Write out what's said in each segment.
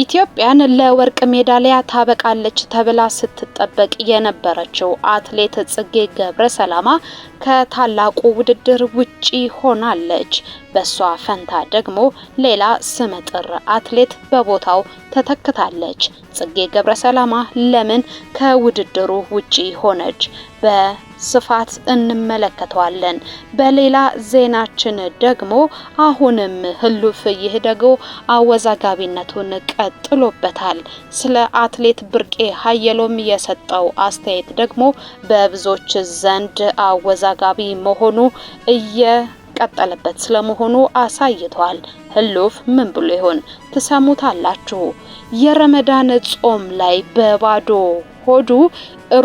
ኢትዮጵያን ለወርቅ ሜዳሊያ ታበቃለች ተብላ ስትጠበቅ የነበረችው አትሌት ጽጌ ገብረ ሰላማ ከታላቁ ውድድር ውጪ ሆናለች። በሷ ፈንታ ደግሞ ሌላ ስመጥር አትሌት በቦታው ተተክታለች። ጽጌ ገብረ ሰላማ ለምን ከውድድሩ ውጪ ሆነች? ስፋት እንመለከተዋለን። በሌላ ዜናችን ደግሞ አሁንም ህሉፍ ይህደገው አወዛጋቢነቱን ቀጥሎበታል። ስለ አትሌት ብርቄ ሀየሎም የሰጠው አስተያየት ደግሞ በብዙዎች ዘንድ አወዛጋቢ መሆኑ እየቀጠለበት ስለመሆኑ አሳይቷል። ህሉፍ ምን ብሎ ይሆን? ትሰሙታላችሁ። የረመዳን ጾም ላይ በባዶ ሆዱ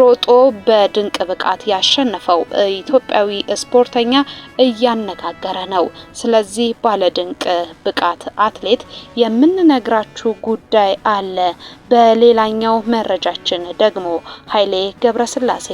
ሮጦ በድንቅ ብቃት ያሸነፈው ኢትዮጵያዊ ስፖርተኛ እያነጋገረ ነው። ስለዚህ ባለድንቅ ብቃት አትሌት የምንነግራችሁ ጉዳይ አለ። በሌላኛው መረጃችን ደግሞ ኃይሌ ገብረስላሴ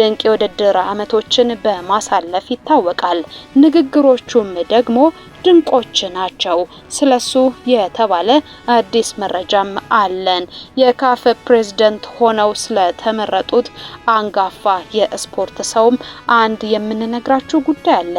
ድንቅ የውድድር ዓመቶችን በማሳለፍ ይታወቃል። ንግግሮቹም ደግሞ ድንቆች ናቸው። ስለሱ የተባለ አዲስ መረጃም አለን። የካፍ ፕሬዝደንት ሆነው ስለተመረጡት አንጋፋ የስፖርት ሰውም አንድ የምንነግራችሁ ጉዳይ አለ።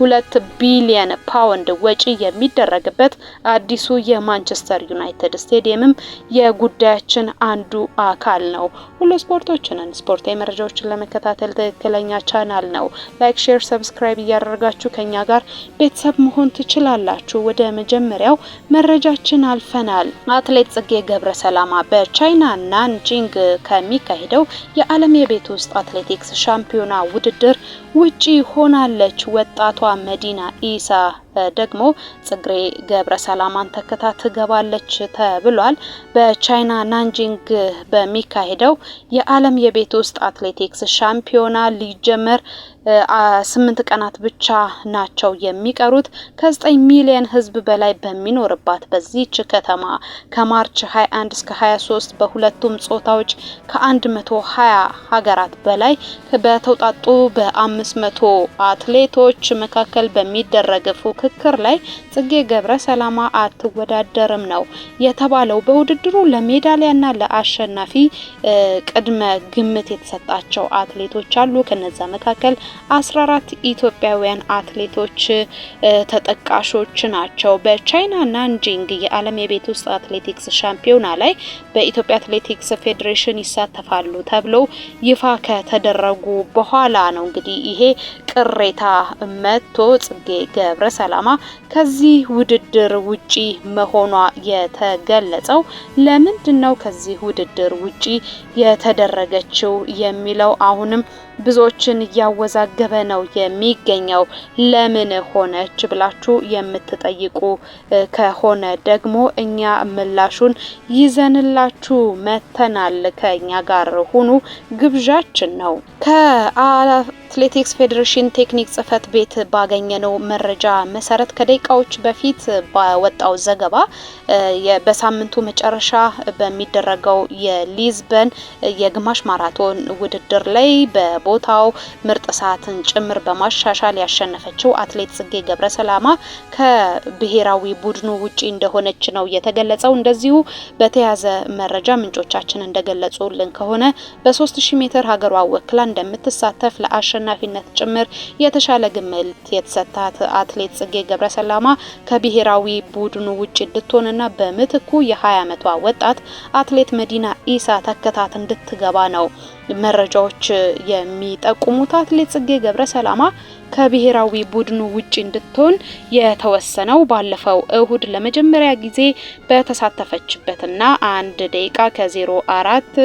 ሁለት ቢሊየን ፓውንድ ወጪ የሚደረግበት አዲሱ የማንቸስተር ዩናይትድ ስቴዲየምም የጉዳያችን አንዱ አካል ነው። ሁሉ ስፖርቶችንን ስፖርታዊ መረጃዎችን ለመከታተል ትክክለኛ ቻናል ነው። ላይክ፣ ሼር፣ ሰብስክራይብ እያደረጋችሁ ከኛ ጋር ቤተሰብ መሆን ትችላላችሁ። ወደ መጀመሪያው መረጃችን አልፈናል። አትሌት ጽጌ ገብረ ሰላማ በቻይና ናንጂንግ ከሚካሄደው የዓለም የቤት ውስጥ አትሌቲክስ ሻምፒዮና ውድድር ውጪ ሆናለች። ወጣቷ መዲና ኢሳ ደግሞ ጽግሬ ገብረ ሰላማን ተከታ ትገባለች ተብሏል። በቻይና ናንጂንግ በሚካሄደው የዓለም የቤት ውስጥ አትሌቲክስ ሻምፒዮና ሊጀመር ስምንት ቀናት ብቻ ናቸው የሚቀሩት። ከ9 ሚሊዮን ህዝብ በላይ በሚኖርባት በዚች ከተማ ከማርች 21 እስከ 23 በሁለቱም ጾታዎች ከ120 ሀገራት በላይ በተውጣጡ በ500 አትሌቶች መካከል በሚደረግ ፉክክር ላይ ጽጌ ገብረ ሰላማ አትወዳደርም ነው የተባለው። በውድድሩ ለሜዳሊያና ለአሸናፊ ቅድመ ግምት የተሰጣቸው አትሌቶች አሉ። ከነዛ መካከል 14 ኢትዮጵያውያን አትሌቶች ተጠቃሾች ናቸው። በቻይና ናንጂንግ የዓለም የቤት ውስጥ አትሌቲክስ ሻምፒዮና ላይ በኢትዮጵያ አትሌቲክስ ፌዴሬሽን ይሳተፋሉ ተብሎ ይፋ ከተደረጉ በኋላ ነው እንግዲህ ይሄ ቅሬታ መጥቶ ጽጌ ገብረ ሰላማ ከዚህ ውድድር ውጪ መሆኗ የተገለጸው ለምንድን ነው ከዚህ ውድድር ውጪ የተደረገችው የሚለው አሁንም ብዙዎችን እያወዛገበ ነው የሚገኘው። ለምን ሆነች ብላችሁ የምትጠይቁ ከሆነ ደግሞ እኛ ምላሹን ይዘንላችሁ መተናል። ከኛ ጋር ሁኑ ግብዣችን ነው። አትሌቲክስ ፌዴሬሽን ቴክኒክ ጽህፈት ቤት ባገኘነው መረጃ መሰረት ከደቂቃዎች በፊት ባወጣው ዘገባ በሳምንቱ መጨረሻ በሚደረገው የሊዝበን የግማሽ ማራቶን ውድድር ላይ በቦታው ምርጥ ሰዓትን ጭምር በማሻሻል ያሸነፈችው አትሌት ጽጌ ገብረ ሰላማ ከብሔራዊ ቡድኑ ውጪ እንደሆነች ነው የተገለጸው። እንደዚሁ በተያዘ መረጃ ምንጮቻችን እንደገለጹልን ከሆነ በ3000 ሜትር ሀገሯ ወክላ እንደምትሳተፍ ለአሸ አሸናፊነት ጭምር የተሻለ ግምት የተሰጣት አትሌት ጽጌ ገብረሰላማ ከብሔራዊ ቡድኑ ውጭ እንድትሆንና በምትኩ የ20 ዓመቷ ወጣት አትሌት መዲና ኢሳ ተከታት እንድትገባ ነው መረጃዎች የሚጠቁሙት። አትሌት ጽጌ ገብረሰላማ ከብሔራዊ ቡድኑ ውጭ እንድትሆን የተወሰነው ባለፈው እሁድ ለመጀመሪያ ጊዜ በተሳተፈችበትና አንድ ደቂቃ ከ04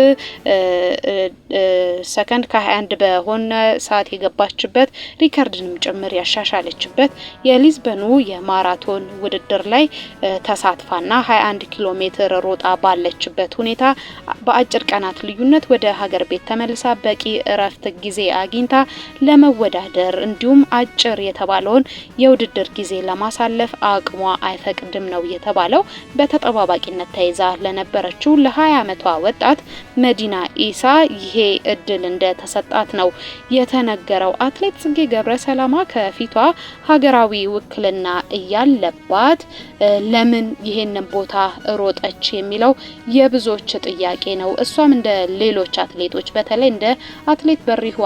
ሰከንድ ከ21 በሆነ ሰዓት የገባችበት ሪከርድንም ጭምር ያሻሻለችበት የሊዝበኑ የማራቶን ውድድር ላይ ተሳትፋና 21 ኪሎ ሜትር ሮጣ ባለችበት ሁኔታ በአጭር ቀናት ልዩነት ወደ ሀገር ቤት ተመልሳ በቂ እረፍት ጊዜ አግኝታ ለመወዳደር እንዲሁም አጭር የተባለውን የውድድር ጊዜ ለማሳለፍ አቅሟ አይፈቅድም ነው የተባለው። በተጠባባቂነት ተይዛ ለነበረችው ለ20 ዓመቷ ወጣት መዲና ኢሳ ይሄ እድል እንደተሰጣት ነው የተነ የተነገረው አትሌት ጽጌ ገብረሰላማ ከፊቷ ሀገራዊ ውክልና እያለባት ለምን ይሄንን ቦታ ሮጠች የሚለው የብዙዎች ጥያቄ ነው። እሷም እንደ ሌሎች አትሌቶች በተለይ እንደ አትሌት በሪሁ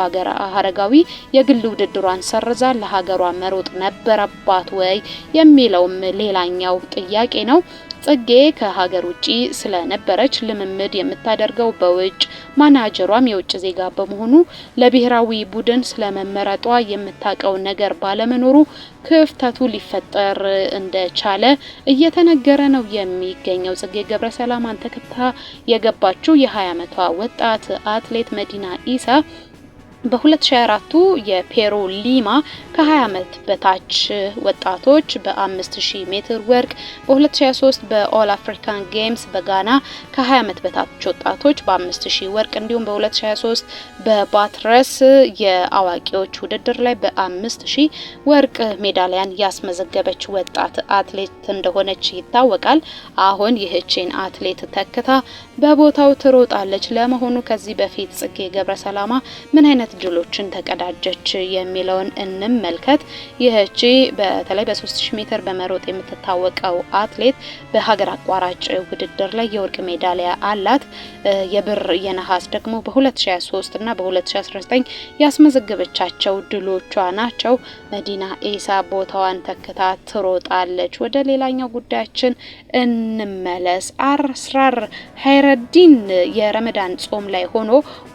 አረጋዊ የግል ውድድሯን ሰርዛ ለሀገሯ መሮጥ ነበረባት ወይ የሚለውም ሌላኛው ጥያቄ ነው። ጽጌ ከሀገር ውጪ ስለነበረች ልምምድ የምታደርገው በውጭ ማናጀሯም የውጭ ዜጋ በመሆኑ ለብሔራዊ ቡድን ስለመመረጧ የምታውቀው ነገር ባለመኖሩ ክፍተቱ ሊፈጠር እንደቻለ እየተነገረ ነው የሚገኘው። ጽጌ ገብረሰላማን ተከትታ የገባችው የ20 ዓመቷ ወጣት አትሌት መዲና ኢሳ በ2024ቱ የፔሩ ሊማ ከ20 ዓመት በታች ወጣቶች በ5000 ሜትር ወርቅ፣ በ2023 በኦል አፍሪካን ጌምስ በጋና ከ20 ዓመት በታች ወጣቶች በ5000 ወርቅ እንዲሁም በ2023 በባትረስ የአዋቂዎች ውድድር ላይ በ5000 ወርቅ ሜዳሊያን ያስመዘገበች ወጣት አትሌት እንደሆነች ይታወቃል። አሁን ይህችን አትሌት ተክታ በቦታው ትሮጣለች። ለመሆኑ ከዚህ በፊት ጽጌ ገብረሰላማ ምን አይነት ድሎችን ተቀዳጀች የሚለውን እንመልከት። ይህቺ በተለይ በ3000 ሜትር በመሮጥ የምትታወቀው አትሌት በሀገር አቋራጭ ውድድር ላይ የወርቅ ሜዳሊያ አላት። የብር የነሐስ ደግሞ በ2023 እና በ2019 ያስመዘገበቻቸው ድሎቿ ናቸው። መዲና ኢሳ ቦታዋን ተክታ ትሮጣለች። ወደ ሌላኛው ጉዳያችን እንመለስ። አስራር ሀይረዲን የረመዳን ጾም ላይ ሆኖ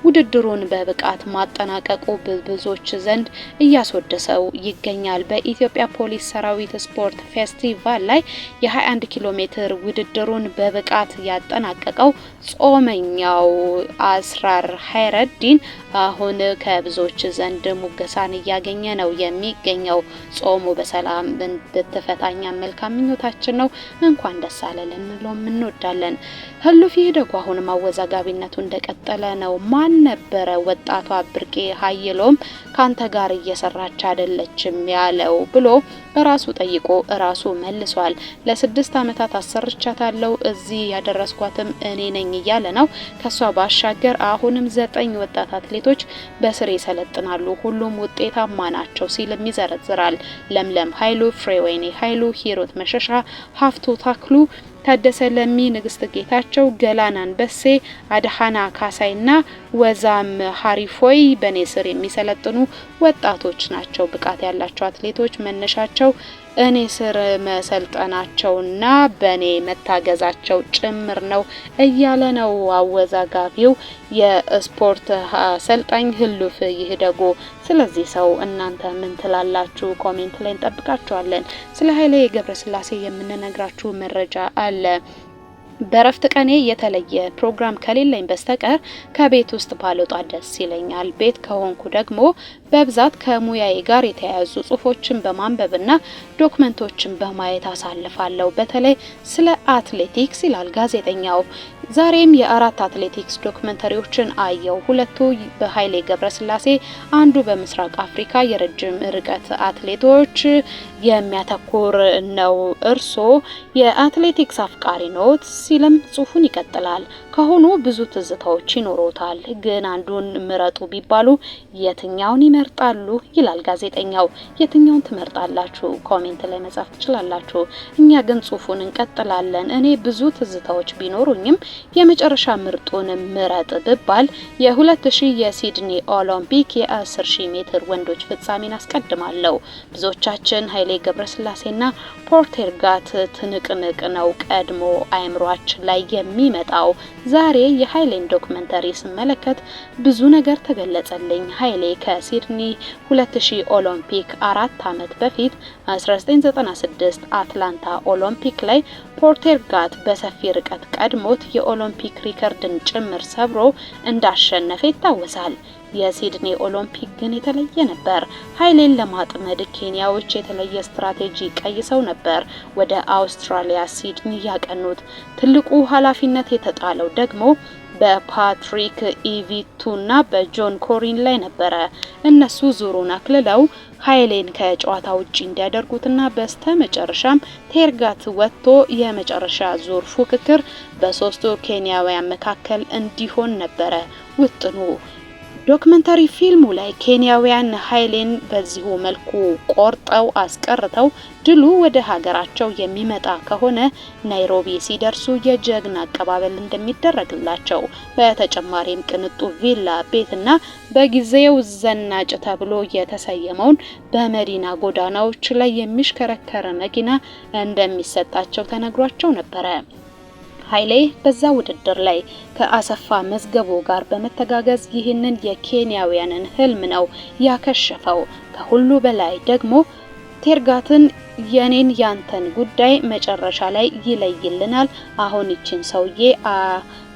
ውድድሩን በብቃት ማጠ መጠናቀቁ ብዙዎች ዘንድ እያስወደሰው ይገኛል። በኢትዮጵያ ፖሊስ ሰራዊት ስፖርት ፌስቲቫል ላይ የ21 ኪሎ ሜትር ውድድሩን በብቃት ያጠናቀቀው ጾመኛው አስራር ሀይረዲን አሁን ከብዙዎች ዘንድ ሙገሳን እያገኘ ነው የሚገኘው። ጾሙ በሰላም ብትፈታኛ መልካም ምኞታችን ነው። እንኳን ደስ አለ ልንለውም እንወዳለን። ህሉፍ ይህ ደግሞ አሁንም አወዛጋቢነቱ እንደቀጠለ ነው። ማን ነበረ ወጣቷ ብር ጽጌ ሀይሎም ካንተ ጋር እየሰራች አይደለችም ያለው ብሎ በራሱ ጠይቆ ራሱ መልሷል። ለስድስት ዓመታት አሰርቻታለሁ እዚህ ያደረስኳትም እኔ ነኝ እያለ ነው። ከሷ ባሻገር አሁንም ዘጠኝ ወጣት አትሌቶች በስር ይሰለጥናሉ፣ ሁሉም ውጤታማ ናቸው ሲልም ይዘረዝራል። ለምለም ኃይሉ፣ ፍሬወይኔ ኃይሉ፣ ሂሮት መሸሻ፣ ሀፍቶ ታክሉ ታደሰ ለሚ፣ ንግስት ጌታቸው፣ ገላን አንበሴ፣ አድሃና ካሳይና ወዛም ሀሪፎይ በኔ ስር የሚሰለጥኑ ወጣቶች ናቸው። ብቃት ያላቸው አትሌቶች መነሻቸው እኔ ስር መሰልጠናቸውና በእኔ መታገዛቸው ጭምር ነው እያለ ነው አወዛጋቢው የስፖርት አሰልጣኝ ህሉፍ ይህደጎ። ስለዚህ ሰው እናንተ ምን ትላላችሁ? ኮሜንት ላይ እንጠብቃችኋለን። ስለ ኃይሌ ገብረስላሴ የምንነግራችሁ መረጃ አለ። በረፍት ቀኔ የተለየ ፕሮግራም ከሌለኝ በስተቀር ከቤት ውስጥ ባልወጣ ደስ ይለኛል። ቤት ከሆንኩ ደግሞ በብዛት ከሙያዬ ጋር የተያያዙ ጽሁፎችን በማንበብና ዶክመንቶችን በማየት አሳልፋለሁ። በተለይ ስለ አትሌቲክስ ይላል ጋዜጠኛው ዛሬም የአራት አትሌቲክስ ዶክመንተሪዎችን አየው። ሁለቱ በኃይሌ ገብረስላሴ አንዱ በምስራቅ አፍሪካ የረጅም ርቀት አትሌቶች የሚያተኩር ነው። እርሶ የአትሌቲክስ አፍቃሪ ኖት? ሲልም ጽሁፉን ይቀጥላል። ከሆኑ ብዙ ትዝታዎች ይኖሮታል። ግን አንዱን ምረጡ ቢባሉ የትኛውን ይመርጣሉ ይላል ጋዜጠኛው። የትኛውን ትመርጣላችሁ? ኮሜንት ላይ መጻፍ ትችላላችሁ። እኛ ግን ጽሁፉን እንቀጥላለን። እኔ ብዙ ትዝታዎች ቢኖሩኝም የመጨረሻ ምርጡን ምረጥ ብባል የ2000 የሲድኒ ኦሎምፒክ የ10000 ሜትር ወንዶች ፍጻሜን አስቀድማለሁ። ብዙዎቻችን ኃይሌ ገብረስላሴና ፖርቴርጋት ትንቅንቅ ነው ቀድሞ አይምሯችን ላይ የሚመጣው። ዛሬ የኃይሌን ዶክመንተሪ ስመለከት ብዙ ነገር ተገለጸልኝ። ኃይሌ ከሲድኒ 2000 ኦሎምፒክ አራት ዓመት በፊት 1996 አትላንታ ኦሎምፒክ ላይ ጋት በሰፊ ርቀት ቀድሞት የኦሎምፒክ ሪከርድን ጭምር ሰብሮ እንዳሸነፈ ይታወሳል። የሲድኒ ኦሎምፒክ ግን የተለየ ነበር። ኃይሌን ለማጥመድ ኬንያዎች የተለየ ስትራቴጂ ቀይሰው ነበር ወደ አውስትራሊያ ሲድኒ ያቀኑት። ትልቁ ኃላፊነት የተጣለው ደግሞ በፓትሪክ ኢቪቱና በጆን ኮሪን ላይ ነበረ። እነሱ ዙሩን አክልለው ኃይሌን ከጨዋታ ውጪ እንዲያደርጉትና በስተ መጨረሻም ቴርጋት ወጥቶ የመጨረሻ ዙር ፉክክር በሶስቱ ኬንያውያን መካከል እንዲሆን ነበረ ውጥኑ። ዶክመንታሪ ፊልሙ ላይ ኬንያውያን ኃይሌን በዚሁ መልኩ ቆርጠው አስቀርተው ድሉ ወደ ሀገራቸው የሚመጣ ከሆነ ናይሮቢ ሲደርሱ የጀግና አቀባበል እንደሚደረግላቸው በተጨማሪም ቅንጡ ቪላ ቤትና በጊዜው ዘናጭ ተብሎ የተሰየመውን በመዲና ጎዳናዎች ላይ የሚሽከረከር መኪና እንደሚሰጣቸው ተነግሯቸው ነበረ። ኃይሌ በዛ ውድድር ላይ ከአሰፋ መዝገቡ ጋር በመተጋገዝ ይህንን የኬንያውያንን ህልም ነው ያከሸፈው። ከሁሉ በላይ ደግሞ ቴርጋትን የኔን ያንተን ጉዳይ መጨረሻ ላይ ይለይልናል። አሁን ይችን ሰውዬ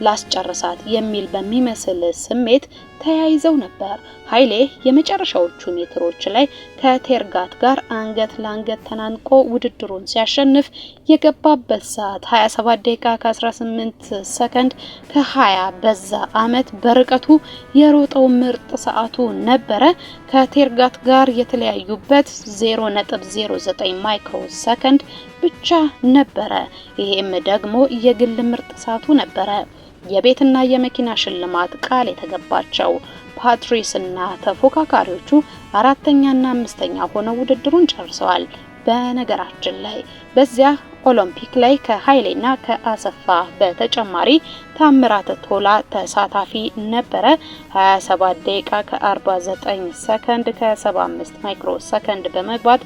ላስጨርሳት የሚል በሚመስል ስሜት ተያይዘው ነበር። ኃይሌ የመጨረሻዎቹ ሜትሮች ላይ ከቴርጋት ጋር አንገት ለአንገት ተናንቆ ውድድሩን ሲያሸንፍ የገባበት ሰዓት 27 ደቂቃ ከ18 ሰከንድ ከ20 በዛ አመት በርቀቱ የሮጠው ምርጥ ሰዓቱ ነበረ። ከቴርጋት ጋር የተለያዩበት 0.09 ማይክሮ ሰከንድ ብቻ ነበረ። ይሄም ደግሞ የግል ምርጥ ሰዓቱ ነበረ። የቤትና የመኪና ሽልማት ቃል የተገባቸው ፓትሪስ እና ተፎካካሪዎቹ አራተኛና አምስተኛ ሆነው ውድድሩን ጨርሰዋል። በነገራችን ላይ በዚያ ኦሎምፒክ ላይ ከኃይሌና ከአሰፋ በተጨማሪ ታምራት ቶላ ተሳታፊ ነበረ። 27 ደቂቃ ከ49 ሰከንድ ከ75 ማይክሮ ሰከንድ በመግባት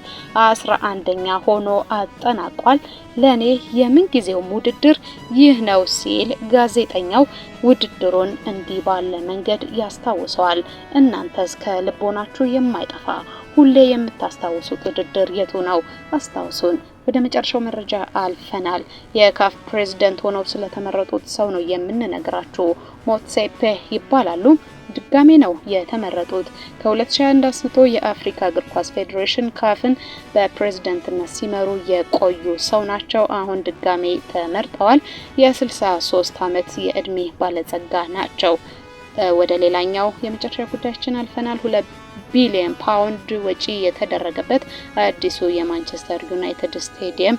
11ኛ ሆኖ አጠናቋል። ለእኔ የምንጊዜውም ውድድር ይህ ነው ሲል ጋዜጠኛው ውድድሩን እንዲህ ባለ መንገድ ያስታውሰዋል። እናንተስ ከልቦናችሁ የማይጠፋ ሁሌ የምታስታውሱት ውድድር የቱ ነው? አስታውሱን። ወደ መጨረሻው መረጃ አልፈናል። የካፍ ፕሬዝደንት ሆነው ስለተመረጡት ሰው ነው የምንነግራችሁ። ሞትሴፔ ይባላሉ። ድጋሜ ነው የተመረጡት። ከ2021 አንስቶ የአፍሪካ እግር ኳስ ፌዴሬሽን ካፍን በፕሬዝደንትነት ሲመሩ የቆዩ ሰው ናቸው። አሁን ድጋሜ ተመርጠዋል። የ63 ዓመት የእድሜ ባለጸጋ ናቸው። ወደ ሌላኛው የመጨረሻ ጉዳያችን አልፈናል። ቢሊዮን ፓውንድ ወጪ የተደረገበት አዲሱ የማንቸስተር ዩናይትድ ስቴዲየም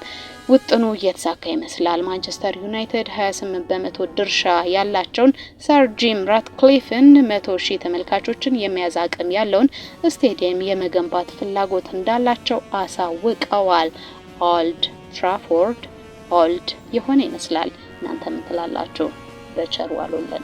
ውጥኑ እየተሳካ ይመስላል። ማንቸስተር ዩናይትድ 28 በመቶ ድርሻ ያላቸውን ሰር ጂም ራትክሊፍን መቶ ሺህ ተመልካቾችን የመያዝ አቅም ያለውን ስቴዲየም የመገንባት ፍላጎት እንዳላቸው አሳውቀዋል። ኦልድ ትራፎርድ ኦልድ የሆነ ይመስላል። እናንተ ምን ትላላችሁ? በቸር ዋሉልን።